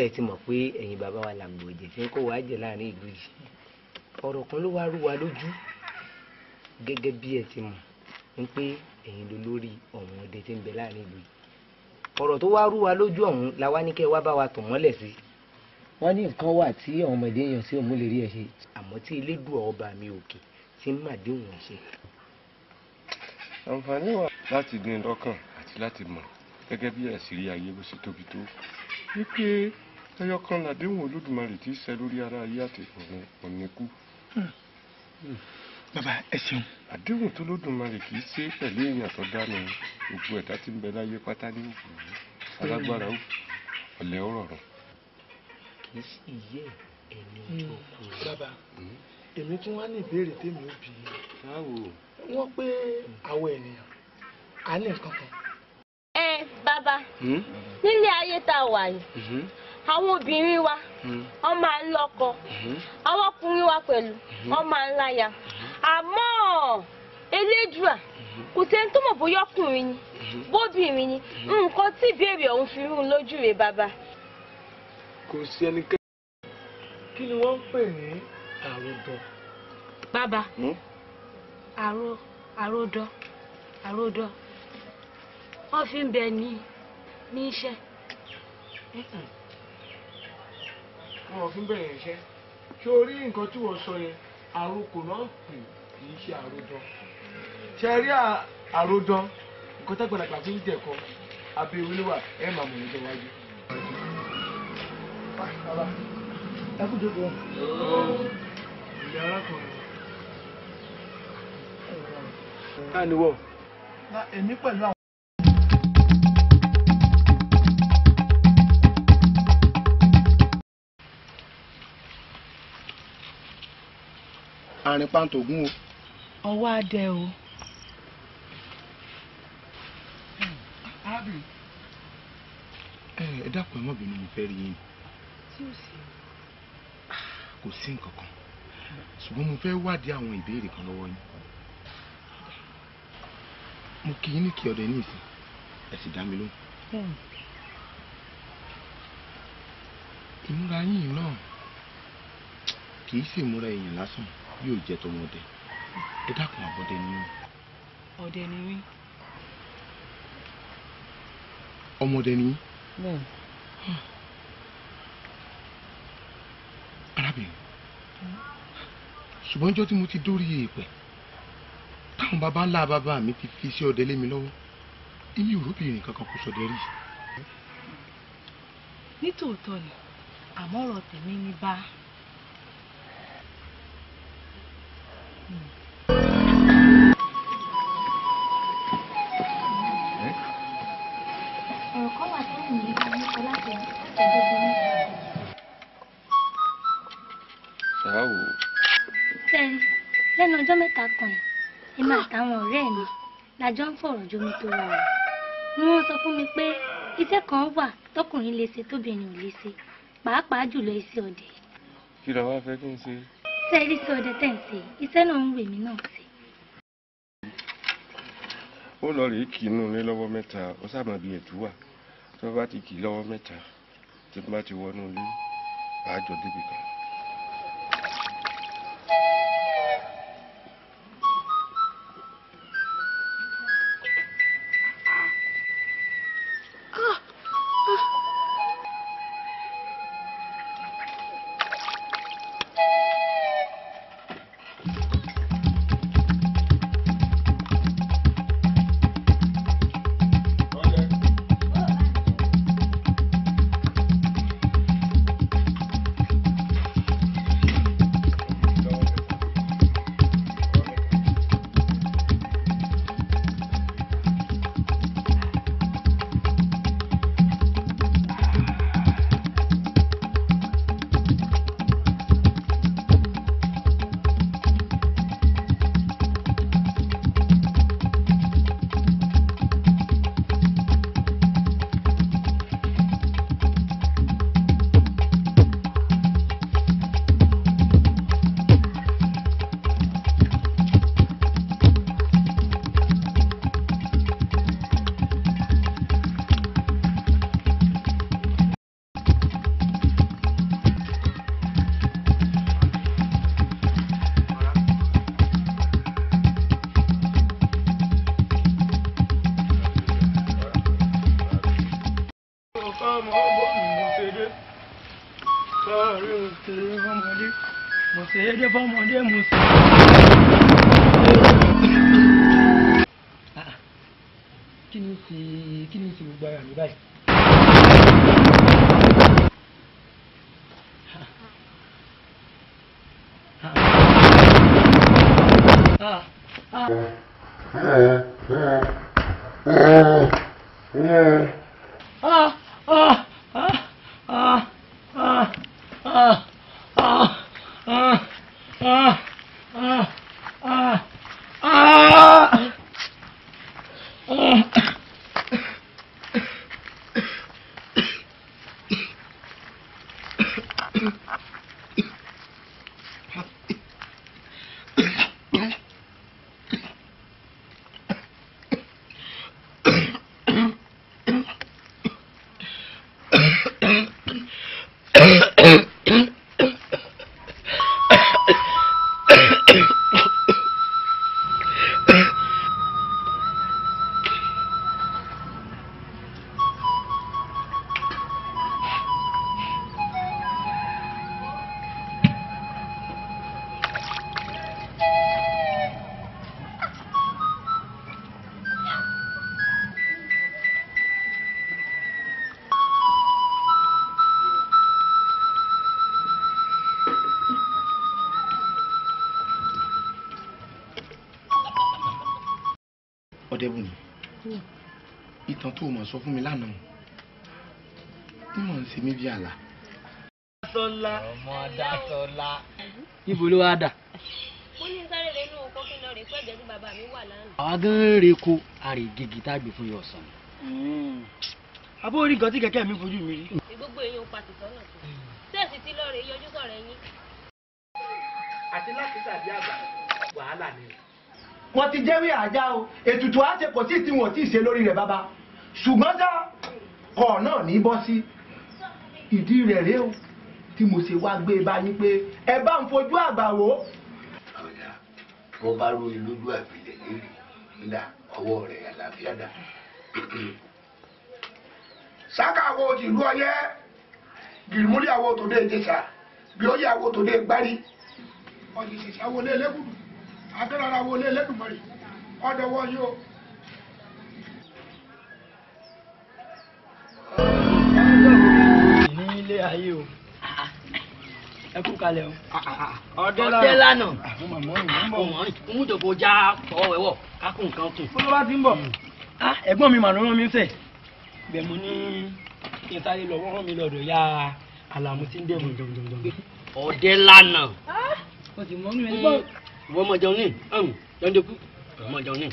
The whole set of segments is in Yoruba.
bẹ́ẹ̀ ti mọ̀ pé ẹ̀yin bàbá wa làgbò èdè tí ń kó wa jẹ láàrin ìlú yìí ọ̀rọ̀ kan ló wá rú wa lójú gẹ́gẹ́ bí ẹ ti mọ̀ ń pé ẹ̀yin ló lórí ọ̀wọ́n ọdẹ tí ń bẹ láàrin ìlú yìí ọ̀rọ̀ tó wá rú wa lójú ọ̀hún la wá ní kẹ́ wá bá wa tàn mọ́lẹ̀ sí. wọ́n ní nǹkan wà tí àwọn ọmọdé èèyàn sí òun lè rí ẹ ṣe. àmọ́ tí elédùà ọba mi gẹ́gẹ́ bí àṣírí ayé bó ṣe tóbi tó wípé ẹyọ kan làdéhùn olódùmarè tí í ṣẹ lórí ara ayé àti ọ̀run ọ̀nìkú. Hmm. bàbá ẹ ṣeun. àdéhùn tó lódùmarè kì í ṣe pẹ̀lú èèyàn tó dánu gbogbo ẹ̀dá tí ń bẹ láyé pátá ní òkú alágbára òkú ọ̀lẹ́ ọ̀rọ̀ rọ̀. kì í sì yé ẹni hmm. tó kú. bàbá hmm. èmi tún wá ní ìbéèrè tèmi ò bí. báwo. wọ́n pé àwọn ènìyàn á ní nǹkan kan. ẹ bàbá nílé ayé tá a wà yìí àwọn obìnrin wa hmm. wọ́n máa ń lọ́kọ hmm. àwọn ọkùnrin wa pẹ̀lú hmm. wọ́n máa ń láya àmọ́ elédùà kò sẹ́ni tó mọ̀ bóyá ọkùnrin ni bóbìnrin ni nǹkan tí ìbéèrè ọ̀hún fi rún lójú rẹ̀ bàbá. kò sí ẹnikẹ́ni. kí ni wọ́n ń pè ní àròdọ̀. bàbá àrò àròdọ̀ àròdọ̀ wọ́n fi ń bẹ ní ní iṣẹ́ wọn fi bẹ̀rẹ̀ iṣẹ́ ṣé orí nǹkan tí wọ́n sọ yẹn àròkò náà pè kì í ṣe àròdán ṣe rí àròdán nǹkan tágbàlagbà fi ń jẹ̀kọ abẹ́ oníwà ẹ̀ máa mọ̀ níjọ́ wájú. ẹ ni wọ́ọ̀. èmi pẹ̀lú àwọn. àrìn pàǹtógún o. ọwọ́ adẹ o. ẹ dákun ẹ má bínú mo fẹ́ rí yín. kò sí nǹkan kan ṣùgbọ́n mo fẹ́ wádìí àwọn ìbéèrè kan lọ́wọ́ yín. mo kì í ní kí ọdẹ ní ìsìn ẹ sì dá mi lóhùn. ìmúra yín náà kì í ṣèmúra èèyàn lásán yóò jẹ́ tọmọdé ẹ dákun àbọ̀dẹ ni mí. ọ̀dẹ ni mí. ọmọdé ni. bẹ́ẹ̀. Hmm. arábìnrin ṣùgbọ́n ọjọ́ tí mo ti dórí èèpẹ̀ táwọn baba ńlá bàbá mi ti fi iṣẹ́ ọdẹ lé mi lọ́wọ́ èmi ò róbìnrin kankan kó sọdẹ rí. nítòótọ́ ni àmọ́ ọ̀rọ̀ tèmi ní bá a. báwo. lẹ́nu ọjọ́ mẹ́ta kan yìí àtàwọn ọ̀rẹ́ mi la ń fọ̀rọ̀ jomi tó ra ọ̀rọ̀ ni wọ́n sọ fún mi pé iṣẹ́ kan wà tọkùnrin lè ṣe tóbìnrin ò lè ṣe pàápàá jùlọ iṣẹ́ ọdẹ. kí ló wá fẹ́ kí n ṣe sẹ́ẹ̀rì sí ọdẹ tẹ̀ ń ṣe iṣẹ́ náà ń wè mí náà ṣe. ó lọ rèé kì í nù ní lọ́wọ́ mẹ́ta ó sábà bí ètú wà tó bá ti kì í lọ́wọ́ mẹ́ta tó bá ti wọnú ọmọ ọgbọ́n ah, gbogbo ara mi báyìí. Ah. Ah. ah. affordable ni hmm. ìtàn tó o mọ̀ sọ fún mi lánàá ní mò ń ṣe mí bí àlá. dátọ́lá ọmọ dátọ́lá. níbo ló wá dà. mo ní sáré rẹ inú oko kí n lọ rè pé ẹgbẹ́ tí bàbá mi wà lánàá. àwa gan-an rè ko àrè gègé tá a gbé fún yọ ọ̀sán. Hmm. àbó orí nǹkan tí kẹ̀kẹ́ mi fojú mi rí. gbogbo èèyàn pàṣẹ sọ́nà tó sẹ́ẹ̀sì tí lọ́ọ̀rẹ́ yọjú sọ̀rọ̀ ẹ̀yìn. àti láti tàbí àgbà wàhálà ni o wọ́n ti jẹ́wé àjá o ètùtù àṣẹ kò tí tí wọ́n ti ṣe lórí rẹ̀ bàbá ṣùgbọ́n sá kọ̀ náà ní bọ́ sí ìdí rẹ̀ rẹ̀ o tí mo ṣe wá gbé e bá yín pé ẹ bá ń fojú àgbà wò. ọ̀dà wọ́n bá rú ìlójú àbílẹ̀ lórí ńlá ọwọ́ rẹ̀ àlàáfíà dà. sáká àwọn òtìlú ọyẹ gìrìmúlẹ̀ àwọn òtòdé ìjẹsà bí ó yẹ àwọn òtòdé gbárí ọ̀yẹ̀ṣẹ̀ṣẹ̀ àwọn olé ẹlẹ́gùdù agbára wọlé lẹ́dùnmọ́rì ọ̀dọ̀wọ́ yóò. ní ilé ayé o ẹ kú kalẹ̀ o ọdẹ lánà òun tó kó já ọwọ́ ẹ̀wọ̀ kákùn nǹkan kù. kó ló bá ti ń bọ̀ ẹ̀gbọ́n mi màá rán mi sẹ̀ bẹ́ẹ̀ mo ní kí n sáré lọ wọ́n rán mi lọ́dọ̀ ya àlàmú tí ń dẹ̀wọ̀n ọdẹ lánà. ó ti mọ́ mi lẹ́yìn wọ́n mọ̀ jẹun ní ẹ̀hún jẹ́ndẹ́kú wọ́n mọ̀ jẹun ní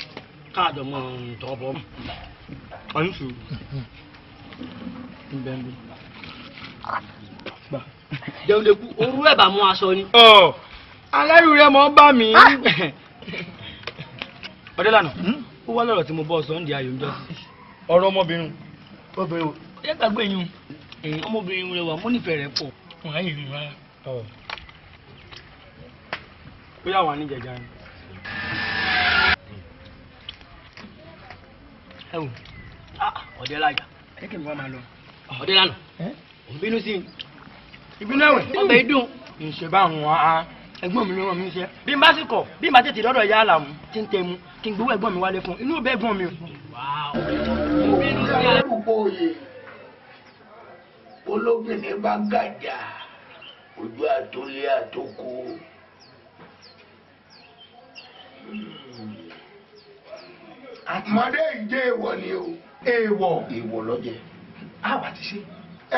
káàdọ̀ mọ̀ tọ́ bọ́ mọ́. ọyún sùn ń bẹ́ ń bí. jẹ́ndẹ́kú orú ẹ̀ bá mú aṣọ ni. ọ aláìrú rẹ mọ bá mi. Ah! ọdẹ lànà ó wá lọ́rọ̀ tí mo bọ́ sọ ń di ayò ń jọ ọ̀rọ̀ ọmọbìnrin obìnrin o. ẹ gbàgbé yín ọmọbìnrin rẹ wà mo nífẹ̀ẹ́ rẹ pọ̀. wàá yìí rárá ó yà ní jẹjà ni. ẹ wò ah, ọdẹ lajà ẹ kì í bọ́ máa lọ. ọdẹ lánà ìbínú sí mi ìbínú ẹ̀wẹ̀ ọbẹ̀ ìdùn ìṣèbá wọn á ẹ̀gbọ́n mi ló ràn mí ṣe bí n bá sì kọ bí n bá tètè lọ́dọ̀ yá àlàmú tí ń tẹ mu kí n gbowó ẹ̀gbọ́n mi wálé fún inú ọbẹ ẹ̀gbọ́n mi o. olùkọ́ bá gàjà ojú àtúlẹ̀ àtòkò àtìmọ́dé ìjẹ́ èèwọ̀ ni o. èèwọ̀. èèwọ̀ lọ́jẹ̀. àbá ti ṣe.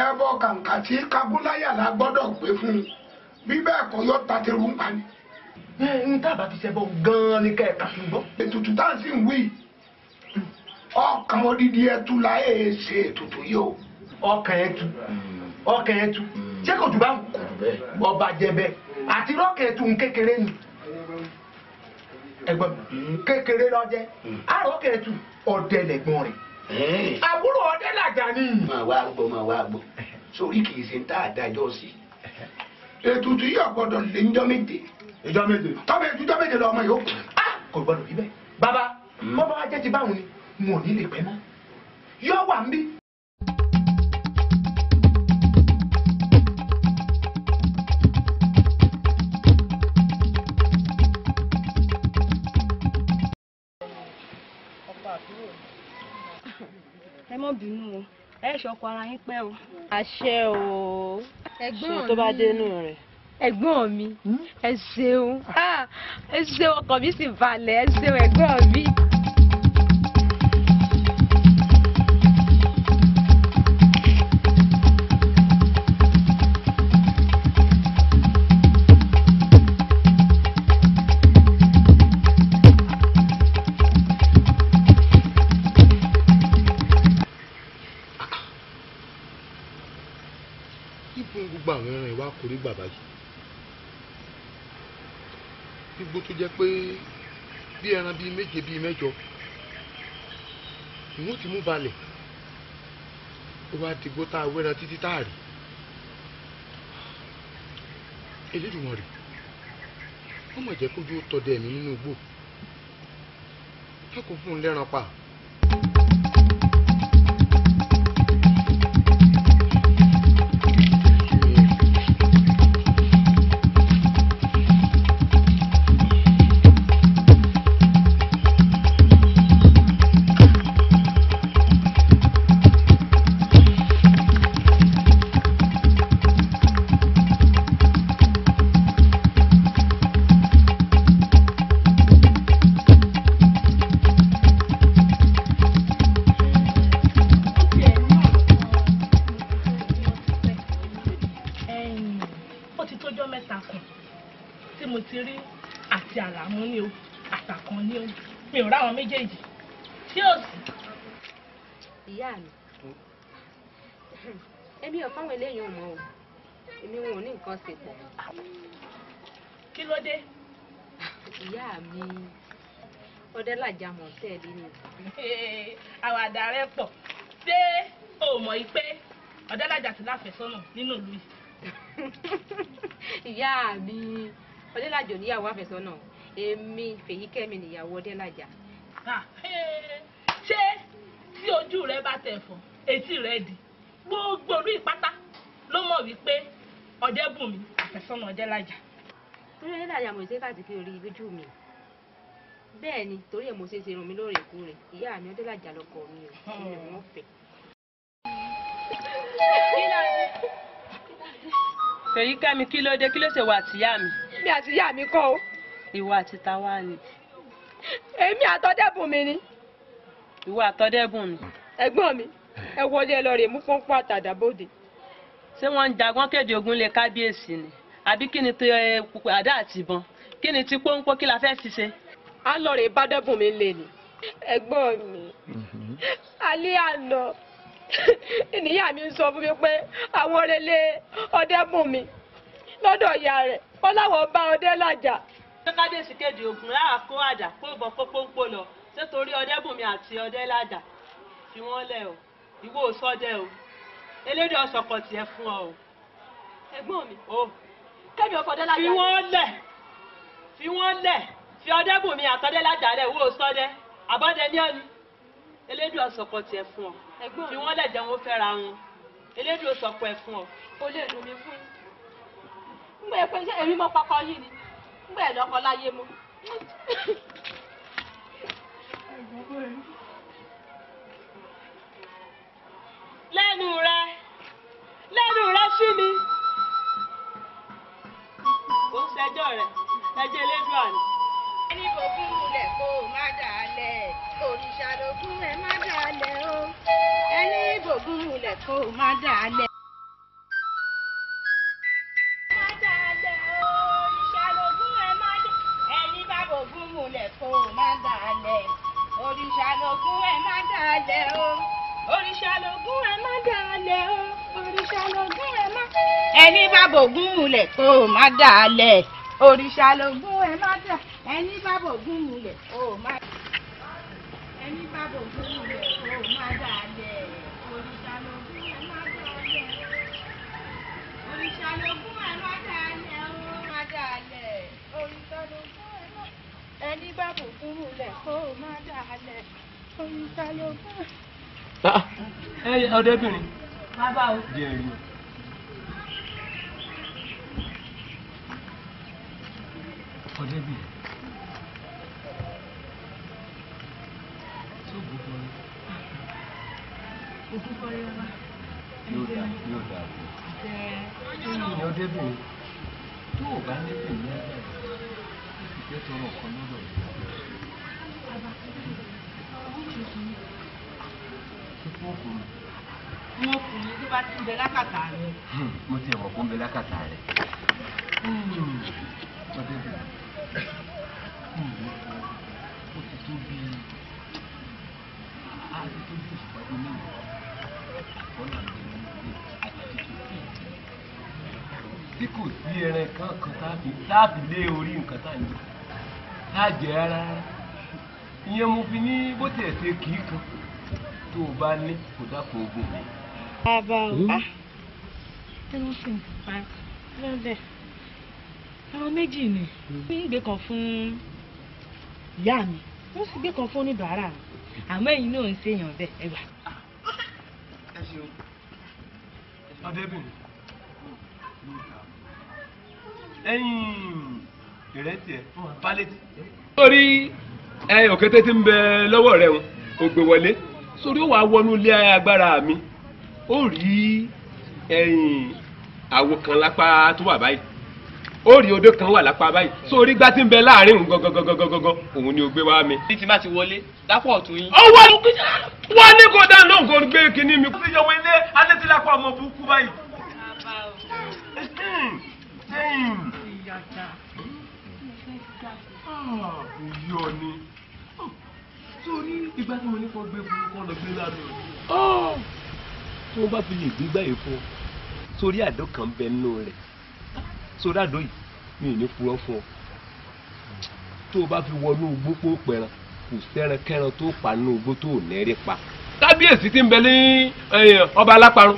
ẹbọ kàǹkà tí kábúláyà la gbọ́dọ̀ gbé fún un bí bẹ́ẹ̀ kọ́ yọ tàtẹ́rù ń pa ni. tábà ti ṣẹbọ gan-an ni kẹ̀kà fún gbọ́. ètùtù tá à ń sì wí ọkàn odidi ẹtu la ẹ ṣe ètùtù yìí o. ọkàn ẹtu hmm. ọkàn ẹtu hmm. ṣé kò tún bá ń kú ọba jẹbẹ àti rọkẹtù ń kékeré ni ẹ̀gbọ́n hmm. kékeré lọjẹ àrò kéré tù ọdẹ lẹ̀gbọ́n rẹ̀ hmm. àbúrò ọdẹ làjà ni. máa wá gbọ́ máa wá gbọ́ sórí kìí ṣe ń tá àdájọ́ sí ètùtù yìí ọ̀gbọ́dọ̀ lè ń jọ́ méje. ìjọ méje. tọ́mọ ètùtù jọ́ méje lọ́mọ yòókù. a ah, kò gbọdọ̀ rí bẹ́ẹ̀ bàbá hmm. bọ́bá wa ti báwọn ni wọn ò ní lè pẹ́ mọ́ yọ wà ń bí mọ̀ bínú o ẹ ṣọkọ ara yín pẹ́ o. àṣẹ o ṣe tó bá dénú rẹ̀. ẹ̀gbọ́n mi hmm? ẹ ṣeun ah, ẹ ṣeun ọkàn mi sì balẹ̀ ẹ ṣeun ẹ̀gbọ́n mi. bíi méje bíi mẹ́jọ ìwọ́n ti mú balẹ̀ ó wá dìgbò tá a wẹ́ran títí tá a rí elédùnmọ̀ rẹ̀ wọ́n mọ̀ jẹ́ kójú tọdẹ mi nínú igbó kákò fún un lẹ́ran pa. tẹ̀lé ni. àwàdà rẹ pọ̀ ṣé o mọ̀ yìí pé ọ̀dẹ́làjà ti láfẹ̀sọ́nà nínú ìlú yìí. ìyá mi ọ̀dẹ́làjà oníyàwó àfẹ́sọ́nà èmi fèyíkẹ́mi nìyàwó ọ̀dẹ́làjà. ṣé tí ojú rẹ bá tẹ̀ fọ́ etí rẹ di gbogbo orí ìpátá ló mọ̀ wípé ọ̀dẹ́bùnmi àfẹ́sọ́nà ọ̀dẹ́làjà. torí ọ̀dẹ́làjà mo ṣe káàtì kí orí ojú mi bẹ́ẹ̀ ni torí ẹ̀ mo ṣe ṣe irun mi lóòrèkóòrè ìyá mi ọdẹ́làjà lọkọ mi ò ní wọ́n fẹ́. èyí kẹ́mi kí ló dé kí ló ṣe wà tìyá mi. èmi àti ìyá mi kọ́ o. ìwà àti tàwa ni. èmi àtọ́dẹ́bùn mi ni. ìwà àtọ́dẹ́bùn mi. ẹ̀gbọ́n mi ẹ wọlé ẹ lọ rè mú pọ́npọ́n àtàdà bòde. ṣé wọ́n ń jagbọ́n kéde ogun lé kábíyèsí ni àbí kí ni tó àdá àtìbọn kí ni ti pọ́npọ́n kí la fẹ́ fi ṣe á lọ rè bádẹ́bùn mi lè ní. ẹ̀gbọ́n mi mhm. alẹ́ àná ìníyà mi ń sọ fún mi pé àwọn relé ọdẹ́bùn mi lọ́dọ̀ ìyá rẹ̀ wọ́n láwọn bá ọdẹ làjà. ṣé kábíyèsí kéde ògùn láà kó àdá kó ìbọn kó pọ́npọ́ lọ ṣé torí ọdẹ́bùnmi àti ọdẹ làjà fi wọ́n lẹ̀ o ìwọ ò sọ́dẹ̀ o elédè ọ̀sọ̀kọ̀ tiẹ̀ fún ọ o. ẹ̀gbọ́n mi. o kẹ́mi ọkọ̀ ọdẹ làjà. fi wọ́n lẹ̀ fi wọ́n lẹ̀. fi ọdẹ́bùnmi àtọ́dẹ́ lájàlẹ̀ wò sọ́dẹ́ àbọ̀dẹ ní ọ̀nù elédùn ọ fi wọ́n lẹ̀ jẹun ó fẹ́ra wọn ọ. o fún yín ngbà pé mọ yi ni ngbe mo. ẹni kò kú lulẹ̀ kó o má dàálẹ̀ òrìṣà ló kún ẹ má dàálẹ̀ o ẹni kò kú lulẹ̀ kó o má dàálẹ̀. òrìṣà lògùn ẹ má dàálẹ̀ o òrìṣà lògùn ẹ má dàálẹ̀ o òrìṣà lògùn ẹ má. ẹni bá bògún mulẹ̀ kó o má dàálẹ̀ òrìṣà lògùn ẹ má dà ẹni bá bò gún mulẹ̀ ó má ẹni bá bò gún mulẹ̀ ó má dáadẹ́ òrìṣà lógún ẹ má dáadẹ́ òrìṣà lógún ẹ má dáadẹ́ ó má dáadẹ́ òrìṣà lógún ẹ má ẹni bá bò gún mulẹ̀ ó má dáadẹ́ òrìṣà lógún. Ah, ah. ọdẹbìnrin bàbá o jẹrìí o. ọdẹbìnrin. òkú Mo kùnrin tó bá tún bẹ rẹ̀. Mo ti ẹ̀wọ̀ kó ń ti tó bíi ìpàdé mẹ́rin. tí kò sí ẹran kan kan táàbì lé orí nǹkan tá à ń jẹ tá à jẹ rárá ìyẹn mo fi ní bó tiẹ̀ ṣe kì í kan tó o bá ní kò dákun ogun mi. bàbá ọba tí wọ́n sì ń pa lọ́dẹ̀ àwọn méjì ni hmm. ní ìgbé kan fún ìyá mi wọ́n sì gbé kan fún oníbàárà mi àmọ́ ẹ̀yin náà ń ṣèyàn bẹ́ẹ̀ ẹ gbà. ọdẹbìnrin ìrẹsì ẹ fún abálẹtì. sórí ẹ òkété tí ń bẹ lọ́wọ́ rẹ òun ògbè wọlé sórí ó wàá wọnú ilé agbára mi ó rí ẹyìn àwo kan lápá tó wà báyìí ó rí odó kan wà lápá báyìí sórí gbá tí ń bẹ láàrin òun gọgọgọgọgọgọ òun ni ó gbé wá mi. ní ti má ti wọlé lápò ọ̀tún yín. ó wà wà ní kò dáa náà kò gbé kinní mi. ó fi yọwọ́ ilé alẹ́ ti lápá ọmọ burúkú báyìí lẹ́yìn. Òyì ọ̀ni. Sórí ìgbà tí mo ní kọ́ gbé burúkú lọ gbé lánàá. Tí wọ́n bá fi lè gbígbá yìí fún ọ, sórí àdó kan bẹ nínú rẹ̀. Sórí àdó yìí mi ò ní purọ́ fún ọ. Tó o bá fi wọnú igbó pò pẹran, kò sẹ́ran kẹ́ran tó pa nínú igbó tó nẹ́rẹ́ pa. Kábíyèsí ti ń bẹ ní ọba aláparun,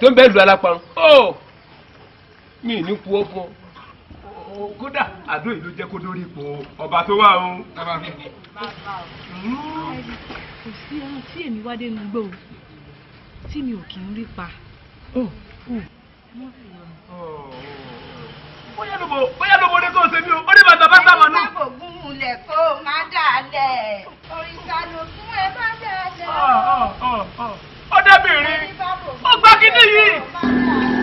tó ń bẹ ìlú aláparun mi ní kú ọ fún ọ kódà àdó yìí jẹ́ kó dórí ipò ọba tó wà o. kò sí ohun tí èmi wá dé nugbó tí mi ò kì í rí pa. bóyá ló bò bóyá ló bò ní kó o ṣe mí o ó ní bàtà bàtà mà nù. ẹ bá gògùn ulẹ̀ kó o má dàlẹ̀ òrìṣà ló fún ẹ bá dàlẹ̀. ó dábìrin ó gbá gidi yìí.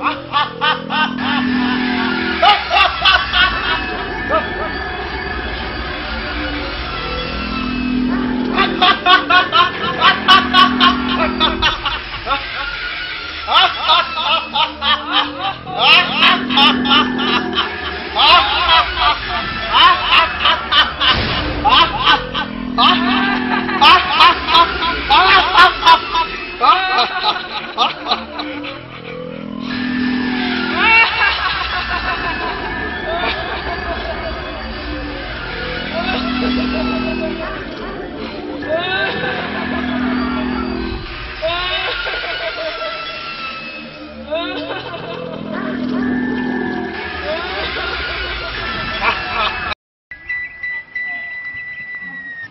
Ha ha ha ha!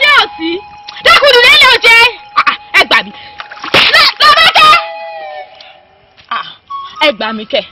ṣé ò sí dákùnrin lẹ́lẹ̀ ò jẹ́ ah, ah, ẹ gbà mí lọ́bàjẹ́ ah, ẹ gbà mí kẹ́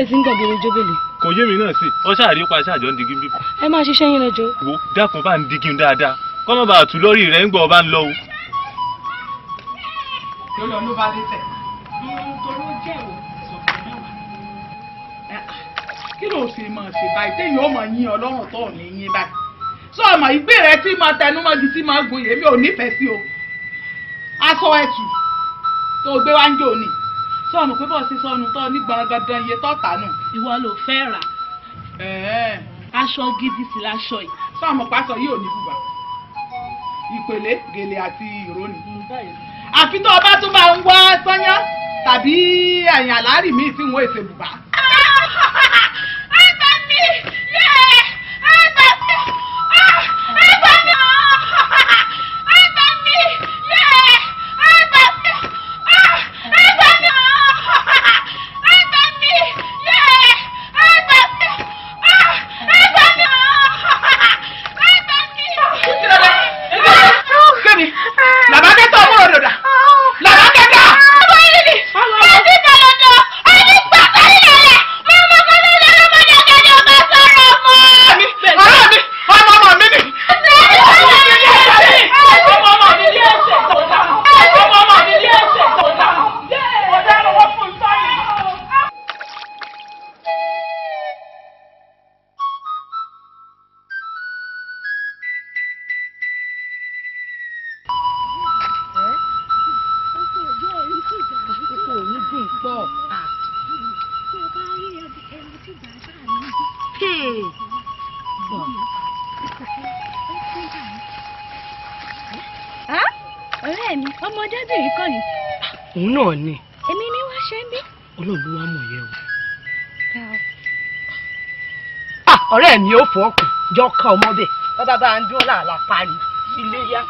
bèlè sí ń gàn gèrè bèlè. kò yé mi náà sí ọ ṣáàrí pa ṣáàjọ ń digi bíbù. ẹ máa ṣiṣẹ́ yín lọ́jọ́. wo dákun bá ń digi dáadáa kọ́ mọ́ bàa tù lórí rẹ̀ ń ọba ń lọ o. lórí ọ̀nà bá kí ló ṣe máa ṣe báyìí téèyàn ó máa yín ọlọ́run tó ní yín báyìí sọ ọmọ ìgbé rẹ tí máa tẹnumọ́gi tí máa gun yèmí ò nífẹ̀ẹ́ sí o aṣọ ẹ̀tù tó gbé wá ń jò ní sọ ọmọ pé bọ́ọ̀ sí sọnù tọ́ ní gbàngàdàn iye tọ́ta nù. ìwọ ló fẹ́ rà. aṣọ gidi sí láṣọ yìí. sọ ọmọ pásọ yìí ò ní bùbá ìpèlé gèlè àti ìrónì. Mm, àfi tó o bá tún máa ń wá sányán tàbí ẹ̀yìn àlárì míì tí wọ́n èsè bùbá. jọ kan ọmọ bẹ́ẹ̀ bàbá bá ń dún làlàpá ni ilé yá.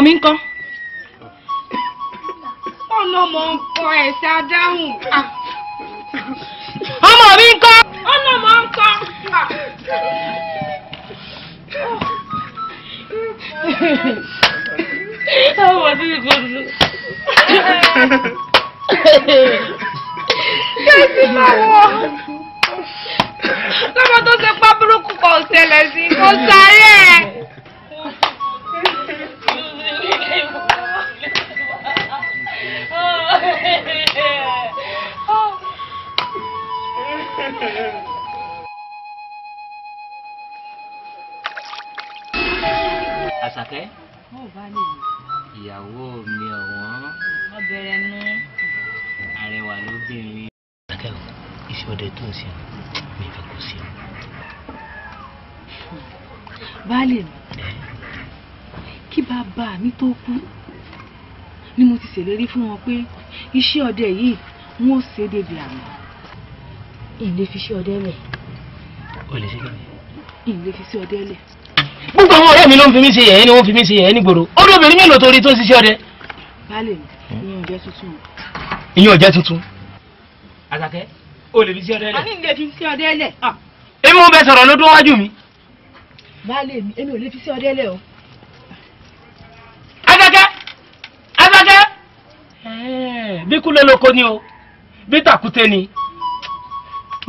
ọmọ mi ńkọ́. ọlọmọ ń kọ ẹsẹ adáhùn. ọmọ mi ńkọ́. ọlọmọ ń kọ. ọmọ tí kò dùn. kẹ́sì máa wọ̀ lọ́mọ tó ṣe pábúrúkú kan ṣẹlẹ̀ sí kó sáré. pé iṣẹ́ ọdẹ yìí wọn ṣe é débi àmì. ìlé fi ṣe ọdẹ lẹ̀. o lè ṣe kí ni. ìlé fi ṣe ọdẹ lẹ̀. gbogbo àwọn ọ̀rẹ́ mi ló ń fi mí ṣe yẹ̀yẹ́ ni wọ́n fi mí ṣe yẹ̀yẹ́ ní gbòòrò ọdún obìnrin mélòó tó rí tó ń ṣiṣẹ́ ọdẹ. baálé mi ìyẹn ò jẹ́ tuntun. ìyẹn ò jẹ́ tuntun. àtàkẹ́ o lè fi ṣe ọdẹ lẹ̀. àní ìlé fi ṣe ọdẹ lẹ̀. Ah, èmi ò bẹ sọ̀rọ̀ ló dún wájú mi. baálé mi èmi ò lè fi ṣe ọdẹ lẹ̀ o. bí kúlẹ̀ lóko ni o bí tàkúté ni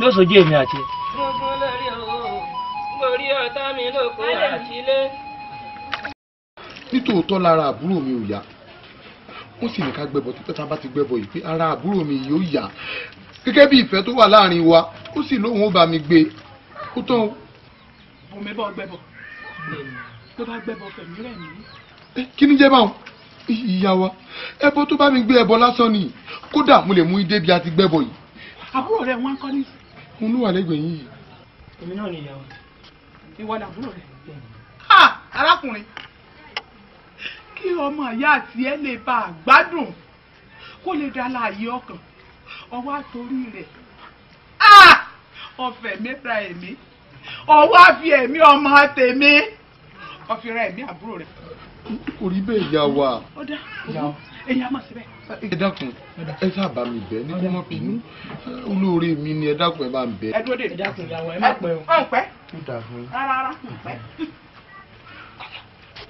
ló sojú èmi àti ẹ. gbogbo lórí owó gbórí ọ̀tá mi lóko àtìlé. nítòótọ́ lára àbúrò mi ò yá wọ́n sì ní ká gbẹ́bọ títí tá a bá ti gbẹ́bọ yìí pé ara àbúrò mi yóò yá gẹ́gẹ́ bí ìfẹ́ tó wà láàrin wa ó sì lóun ó bá mi gbé kó tán o. bùnmi bọ́ gbẹ́bọ tó bá gbẹ́bọ fẹ̀mí rẹ̀ nìyí. kí ni jẹ́ báwọn ìyá wa ẹbọ tó bá mi gbé ẹbọ lásán ni kódà mo lè mú idé bí a ti gbẹbọ yìí. àbúrò rẹ wọn kọ ní. mo ló wà lẹ́gbẹ̀ẹ́ yín yìí. èmi náà ni ìyá wa ìwọ ni àbúrò rẹ. ha arákùnrin kí ọmọ ìyá àti ẹ lè bá a gbádùn kó lè dá láàyè ọkàn ọwọ́ àtòrí rẹ̀ ọfẹ mẹ́ta ẹ̀mí ọwọ́ àfi ẹ̀mí ọmọ tèmi ọfìrà ẹ̀mí àbúrò rẹ̀ kò rí bẹ́ẹ̀ yà wá. ọ̀dà ẹ̀yin a máa ṣe bẹ́ẹ̀. ẹ dákun ẹ sábà mi bẹ ní kí wọn bínú olóore mi ni ẹ dákun ẹ bá ń bẹ. ẹ dúró dè ẹ dákun ìyàwó ẹ má pẹ́ o. ọ̀n pẹ́ rárá rárá ọ̀n pẹ́.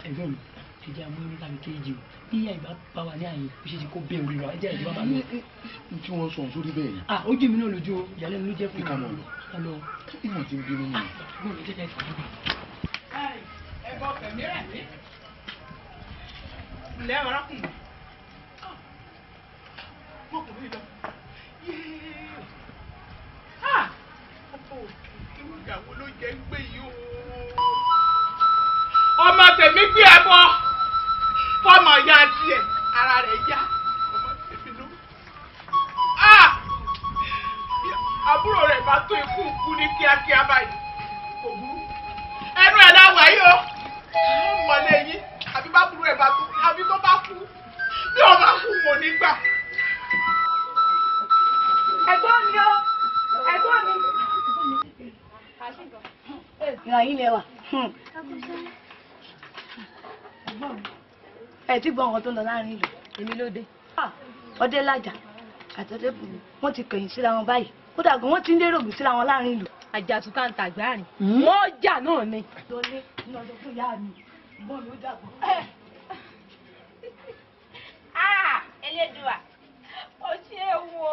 ẹ̀gbọ́n mi ẹ̀jẹ̀ àmú ẹ̀rọ láti kéèjì o bí àyè bá bá wa ní àyè ó ṣe ti kó bẹ́ẹ̀ orí wa ẹ̀jẹ̀ àyè bá bá mi. n tí wọ́n sọ sórí bẹ́ẹ̀ yẹn. ah ojú mi náà lójú o ìyàlẹ́nu ló jẹ́ fún mi. ìkànnì ọ̀lọ́ ìmọ̀ ti ǹlẹ́ arákùnrin ah, ọkùnrin lọ yéé ah, ọkọ òkè irú ìyàwó ló jẹ́ ń gbé yìí o ọmọ tèmi gbé ẹbọ fọmọ ya tiẹ̀ ara rẹ̀ yá ọmọ tèmi ló ah, àbúrò rẹ̀ bá tó ikú kú ní kíákíá báyìí. ti gbọ́ àwọn tó lọ láàrin ìlú èmi ló dé ọdẹ làjà àtọ́dẹ bùnmi wọ́n ti kẹ̀yìn síra wọn báyìí kódà gan wọ́n ti ń lérò gbìn síra wọn láàrin ìlú. àjàtúntà ń tàgbà rìn hmm? wọ́n jà náà ni. lọlé ní ọjọ́ fún ìyá mi bọ́ mi ó dàgbọ́. Ah! elédùà ó ṣe é wo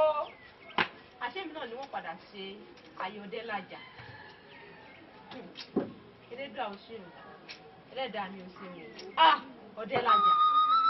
àṣẹ́mi náà ni wọ́n padà ṣe ayọ̀dẹ́ làjà elédùà ó ṣe o ẹlẹ́dàá mi ò ṣe o ah! ọdẹ làjà.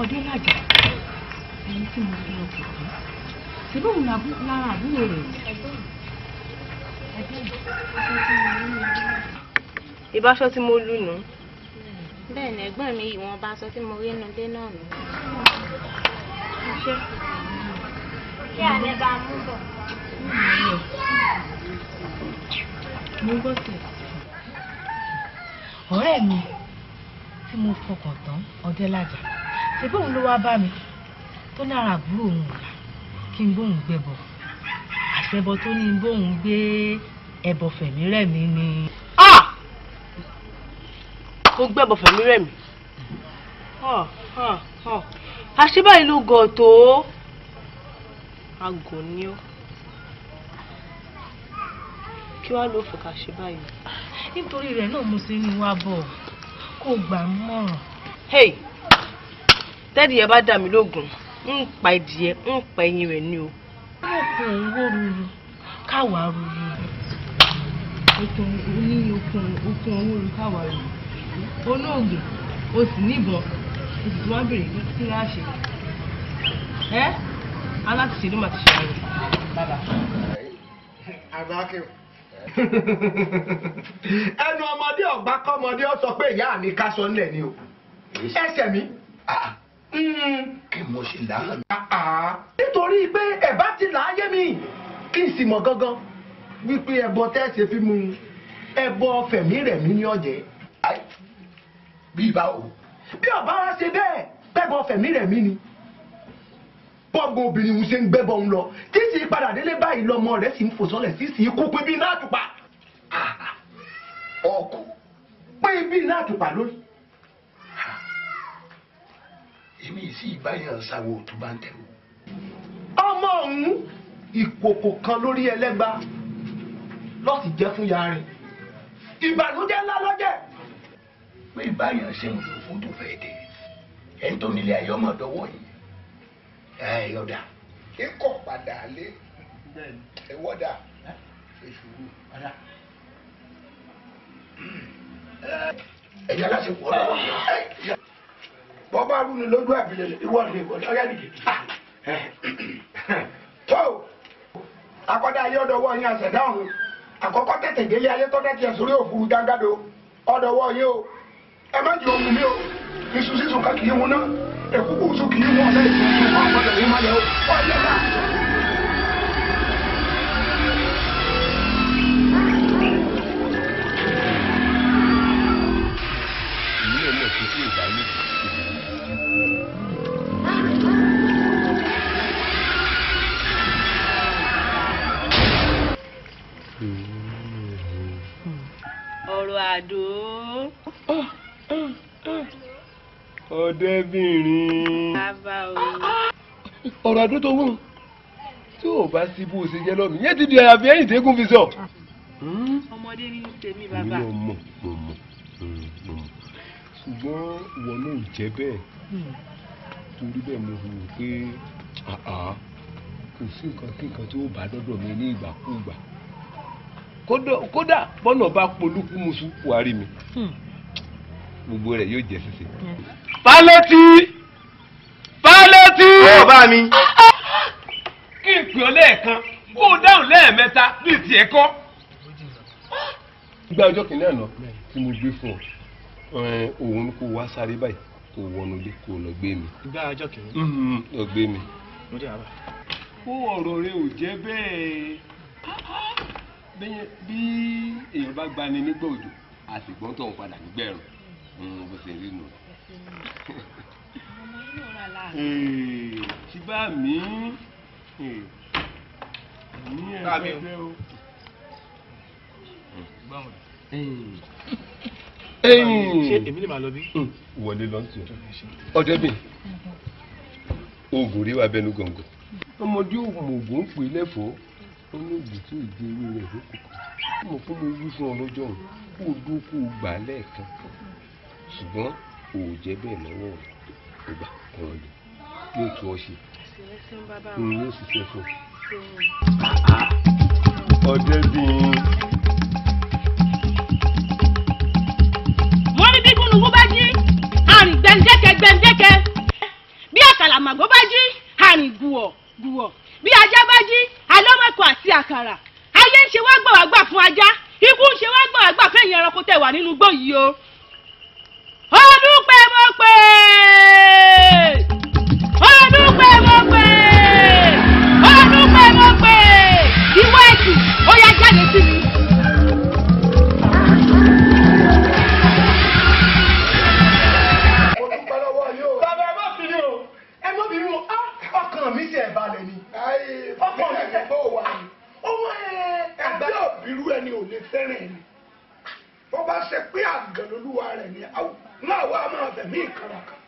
ọdẹ́làjà ẹni tí mo fi ọkọ̀ fún síbí òun lára àbúrò rẹ̀ ìbáṣọ tí mo lù nù. bẹ́ẹ̀ ni ẹ̀gbọ́n mi ìwọ̀n bá aṣọ tí mo rí inú dé náà nù. kí alẹ́ bá mú bọ̀. mo gbọ́ sí ọ̀rẹ́ mi tí mo fọkàn tán ọdẹ́làjà ìbí òun ló wá bá mi tó nára àbúrò òun ọ̀la kí n bóun gbẹbọ àṣẹbọ tó ní bóun gbé ẹbọ fẹ̀mí rẹ̀mí ni. ó gbẹbọ fẹ̀mí rẹ̀mí àṣebáyìí ló gọ̀ tó àgọ̀ ni ó kí wàá ló fò ká ṣe báyìí. nítorí rẹ̀ náà mo ṣe ní wá bọ̀ kó gbà mọ́ràn. tẹ́ẹ̀dì yẹn bá dà mí lóògùn ń pa ni o. ọkùn ruru káwa ruru owó ruru káwa ruru olóògùn o sì níbọn o sì tún wá bèrè ṣe ẹ aláṣẹ ló máa ti ṣe àrùn bàbá. àgbákẹ́ ẹnu ọmọdé ọgbà kọ́mọdé ọ sọ pé ìyá mi ká sọ ni o ẹsẹ̀ mi. Ah, ah. Hmm. kí mo ṣe làá mi. Ah, ah. nítorí pé ẹ̀bá ti làáyé mi kí n sì mọ̀ gangan wípé ẹbọ tẹ́sí fi mu ẹbọ fẹ̀mí rẹ̀ mí ní ọ̀jẹ̀. bí ibà o. bí ọba wa ṣe bẹ́ẹ̀ gbẹ́bọ fẹ̀mí rẹ̀ mí ni bọ́ọ̀gù obìnrin ń ṣe ń gbẹ́bọ̀ ń lọ tí sì padà délé báyìí lọ́mọ rẹ̀ sì ń fò sọ́lẹ̀ sí sì kú pé bí iná àtùpà ah, ọkọ̀ pé bí iná àtùpà lórí èmi sì báyàn ṣàwò tó bá ń tẹ̀wò. ọmọ ọ̀hún ìkòkò kan lórí ẹlẹ́gba lọ́ọ̀tì jẹ́ fún ya rẹ̀ ìbànújẹ́ ńlá lọ́jẹ́ pé báyàn ṣe ń lò fún tó fẹ́ dé ẹni tó nílé ayé ọmọ ọ̀dọ́wọ́ yìí ẹ yọ̀dà. kíkọ̀ padà lé ẹwọ́dà èṣùrù padà. ẹ̀yà láti wọ́n bọ́ bá rú ni lójú àbílẹ̀ ìwọ ni ìwọ ni ọ̀rẹ́ nìkejì. tó akọ́dá ayé ọ̀dọ̀ wọ̀ yín àṣẹ dáhùn àkọ́kọ́ tètè délé ayé tó dẹ́kẹ̀ sórí òfurufú gángádó ọ̀dọ̀ wọ̀ yín o ẹ má jẹ ohun mi o iṣu sísun ká kì í hun náà èkúkú sùn kì í hun ọ̀sẹ̀ ìṣòro ọ̀pọ̀ ọ̀dọ̀ ọ̀rọ̀ àdó. ọ̀dẹ́bìnrin. bàbá o. ọ̀rọ̀ àdó tó mú tí ò bá sí bó ṣe jẹ́ lọ́nu yẹn ti di àyàfi ẹ̀yìn tẹ́gùn fi sọ. Hmm? ọmọdé ní tèmi bàbá. mo mọ̀ mo mọ̀ mo hmm, mọ̀ ṣùgbọ́n ìwọ náà ò jẹ́ bẹ́ẹ̀ torí bẹ́ẹ̀ mo rò pé kò sí nǹkan kí nǹkan tí ó bá dọ́dọ̀ mi ní ìgbàkúùgbà kódà bọ́nà bá polúkú musu buhari mi hmm. gbogbo rẹ̀ yóò jẹ́ sísè. falẹ́tì falẹ́tì. ọ̀ bá mi. kí n pè ọ́ lẹ́ẹ̀kan kó o dáhùn lẹ́ẹ̀mẹ́ta bíi tiẹ̀ kọ́. gba ọjọ́ kìnìún àná tí mo gbé fún ọ òun kò wá sáré báyìí kò wọnú ilé kò lọ gbé mi. gba ọjọ́ kìnìún. Mm-hmm, lọ gbé mi. ó ọ̀rọ̀ rẹ ò jẹ́ bẹ́ẹ̀ bí èèyàn bá gbani nígbà òjò àtìgbọ́n tó ń padà nígbẹ̀rún hmm, bó ṣe rí nù. ṣíbà mí ní ẹgbẹ́ o. ṣé èmi lè máa lọ bí. Hmm. wọlé lọ sí ọ ọdẹbìn oògùn rí wa bẹnu gọ̀ǹgọ̀ ọmọdé oògùn oògùn pè lẹ́fọ̀ọ́ ó ní ìlú tí ò di ewé rẹ̀ lókè kan mo fún mi wí fún ọ lọ́jọ́ òun kó o dún kó o gbà á lẹ́ẹ̀kan ṣùgbọ́n ò jẹ́ bẹ́ẹ̀ lọ́wọ́ rẹ̀ kó gbà kàn lè yóò tún ọ ṣe n yóò ṣiṣẹ́ fún ọ. ọdẹ bíi. wọ́n ní bí gúnlùkú bá jí àrùn gbẹ̀ǹdẹ́kẹ̀ gbẹ̀ǹdẹ́kẹ̀ bí àkàlà màgbó bá jí àrùn gùọ̀ gùọ̀ bí ajá bá jí alọ́mọ̀kọ àti àkàrà ayé ń ṣe wá gbà wá gbà fún ajá ikú ń ṣe wá gbà wá gbà fún ẹ̀yin ẹranko tẹ̀ wà nínú igbó yìí o ọdún pẹ́ mo pè é. rìn ni bó bá ṣe pé àgàn lolúwa rẹ̀ ni náà wà á máa fẹ̀mí ìkànnà kan.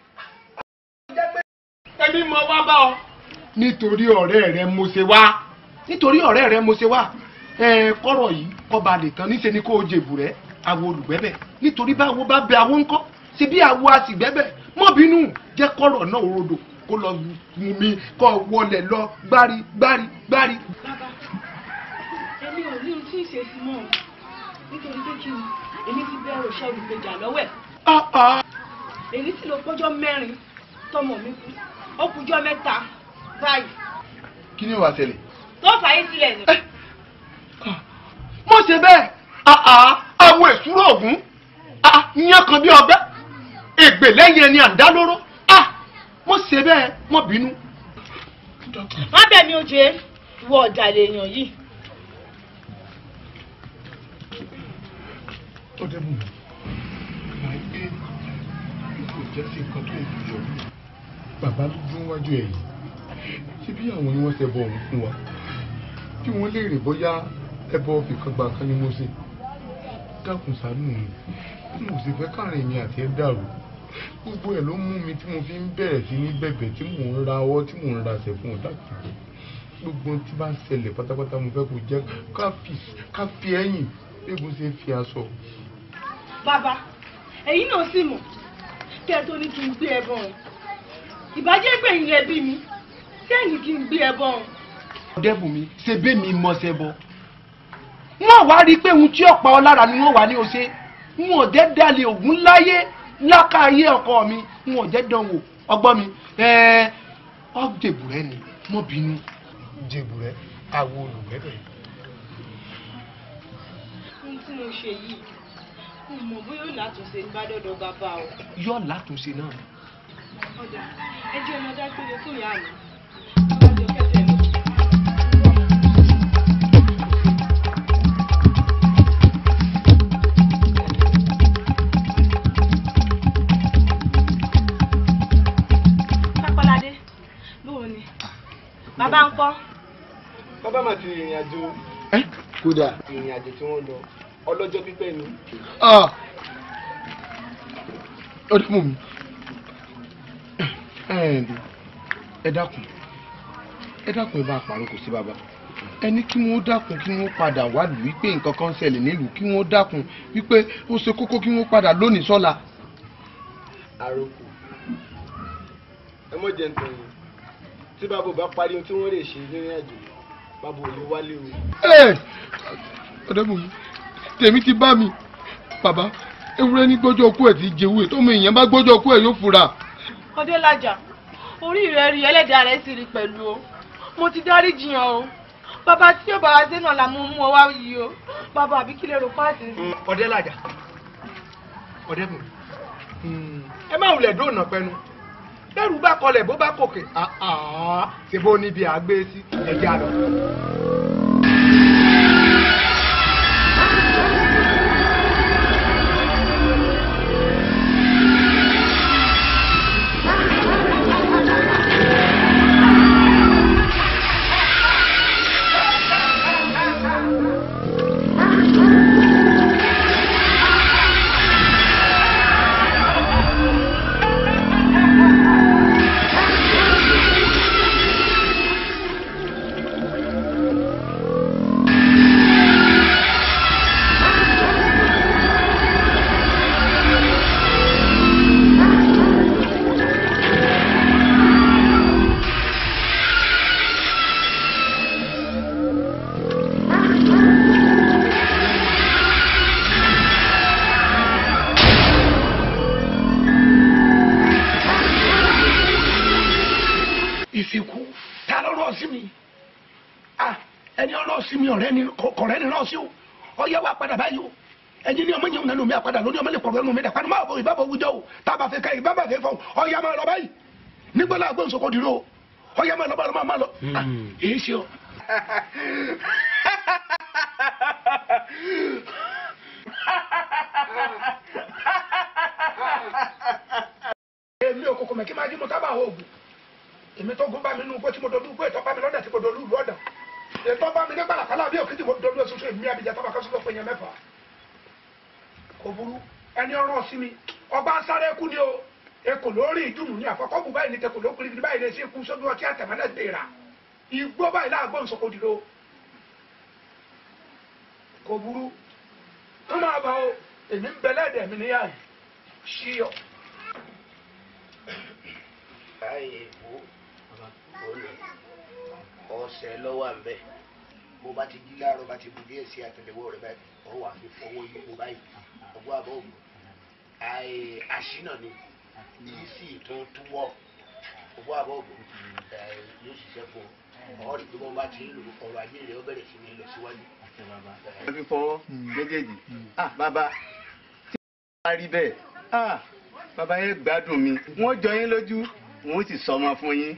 ẹbí mo wá bá ọ. nítorí ọ̀rẹ́ rẹ mo ṣe wá nítorí ọ̀rẹ́ rẹ mo ṣe wá kọ́rọ̀ yìí kọba nìkan níṣe ni kó jèbù rẹ àwọn olùgbẹ́bẹ̀ nítorí báwo bá bẹ àwọn ńkọ́ ṣe bí àwo àtìgbẹ́bẹ̀ mọ́ bínú jẹ́ kọ́rọ̀ náà rodò kó lọ mú mi kọ́ wọlé lọ gbárí gbárí gbárí. bàbá ò ní ohun tí mọ́ o nítorí pé kí èmi ti bẹ̀rù iṣẹ́ olùgbèjà lọ́wọ́ èyí sì ló pọ́jọ́ mẹ́rin tọmọ mi kú ó kújọ́ mẹ́ta báyìí. kí ni wàá ṣẹlẹ̀. tó fàáyé sílẹ̀ ni. Eh! Ah! mo ṣe bẹ́ẹ̀ ah, ah! àwọn èsúrò ògún ìyẹn kan bí ọbẹ̀ ègbè lẹ́yìn ẹni àdálóró mo ṣe bẹ́ẹ̀ mo bínú. má bẹ̀ mi ò jẹ́ wọ ọ̀dàlẹ̀ èèyàn yìí. ó dẹ́ bùn máa gbé ipò jẹ́sí nǹkan tó ń yọ bàbá ló dún wájú ẹ̀ yìí ṣé bí àwọn ni wọ́n ṣe bọ òun fún wa kí wọ́n lè rè bóyá ẹbọ fìkan gba kan ni mo ṣe dákun ṣàánú mi mo sì fẹ́ káàrin mi àti ẹ dàrú gbogbo ẹ̀ ló mú mi tí mo fi ń bẹ̀rẹ̀ sí ní bẹ̀bẹ̀ tí mò ń ra ọwọ́ tí mò ń ra ṣẹ̀ fún ọ̀dà kan gbogbo tí bá ń ṣẹlẹ̀ pátápátá mo fẹ́ kó jẹ́ ká ẹ̀yìn bí mo ṣe fi aṣọ bàbá ẹ̀yin náà sì mọ̀ kẹ́ ẹ tó ní kí n gbé ẹbọn o ìbàjẹ́ gbẹ̀yìn rẹ bí mi sẹ́yìn kí n gbé ẹbọn o. ọ̀dẹ́bùn mi ṣe bẹ́ẹ̀ mi mọ ṣẹbọ wọn wá rí i pé ohun tí ọ̀pá ọ lára ni wọ́n wà ní ọ̀sẹ̀ wọn ò jẹ́ ògún láyé lákàáyé ọkọ mi wọn ò jẹ́ dánwò ọgbọ́n mi ẹ̀ẹ́ ni mo bínú jẹ̀bùrẹ́ àwọn olùgbẹ́bẹ̀. ohun tí mo ṣe yìí mo bóyá ó látúnṣe bá dọ́dọ̀ bàbá o. yóò látúnṣe náà. ọ̀dà ẹjọ́ ọmọdé agbèrè tó yà á lọ. bàbá ń kọ́. bàbá mà ti rìnrìn àjò. kódà ìrìn àjò tí wọ́n lọ ọlọ́jọ́ pípẹ́ ni. ó dé mú mi ẹ dákun ẹ dákun ẹ bá pààrọ̀ kò sí bàbá ẹni kí wọ́n dákun kí wọ́n padà wádìí wípé nǹkan kan ṣẹlẹ̀ nílùú kí wọ́n dákun wípé ó ṣe kókó kí wọ́n padà lónìí sọ́la. àròkù ẹ mọ̀ jẹ́ nítorí tí bàbá ò bá parí ohun tí wọ́n lè ṣe nínú ìrìn àjò bàbá ò lè wálé o. ọ̀dọ́ mò ń tèmi ti bá mi bàbá ewúrẹ́ ní gbọ́jọ́ kú ẹ̀ ti jẹ́wé tọ́mọ èèyàn bá gbọ́jọ́ kú ẹ̀ yóò fura. ọdẹlájà orí rẹ rí ẹlẹ́dàá rẹ sì rí pẹ̀lú o mo ti dárí jiyàn o bàbá tí yóò bá wa dé náà la mú mú ọ wá yìí o bàbá àbí kí lè rò páàtì. Mm, ọdẹlájà ọdẹkùn mm, ẹ má wulẹ̀ dóònà pẹ́nu bẹ́rù bá kọlẹ̀ bó bá kòkè ah, ah, ṣe bó níbi àgbé sí ẹ̀jẹ̀ àlọ́. dúró ọyá máa lọ máa lọ máa lọ èyí hmm. ah, ṣe ọ. èmi ò kòkòmọ̀ kí máa dín mo tábà oògùn èmi tó gún bá mi nú pé tí mo dọdún pé ìtọ́ bá mi lọ́dà tí mo dọdún lù ọ̀dà ètò bá mi ní gbàlàkálà bí òkìtì mo dọdún ẹ̀ sọ́sọ́ èmi àbíjà tábà kásán lọ́pọ̀ èèyàn mẹ́fà kò burú ẹni ọ̀rọ̀ sí mi ọba sáré kú ni o ekò lórí ìdùnnú ní àfọkọ́bù báyìí ní tẹkò lókùnrin ní báyìí lẹ́sí ikú sódò ọtí àtẹ̀mọ́lẹ̀ gbéra igbó báyìí láàgbọ́n sọ́kò dìrò kò burú tó máa bá o èmi ń bẹ̀lẹ́ ẹ̀dẹ̀ mi níyà yìí sí ọ. báyìí èkó olè ọsẹ lọ́wọ́ àbẹ bó bá ti jí láàárọ̀ bá ti bu díẹ̀ sí àtẹ́lẹwọ́ rẹ báyìí ọwọ́ àfi fọwọ́ yípo báyìí ọgbọ àbọ ògùn àṣìnà ni ìfì tó túwọ́ owó àbọ̀bọ̀ yóò ṣiṣẹ́ fún ọ ọ̀rẹ́ tó bọ́ bá ti ń lò ọrọ̀ ajé rẹ̀ ó bẹ̀rẹ̀ sí ní lọ síwájú. ẹ fi fọwọ́ méjèèjì mm. ah bàbá tí wọ́n bá rí bẹ́ẹ̀ ah bàbá yẹn gbádùn mi wọ́n jọ yín lójú wọ́n sì sọmọ fún yín.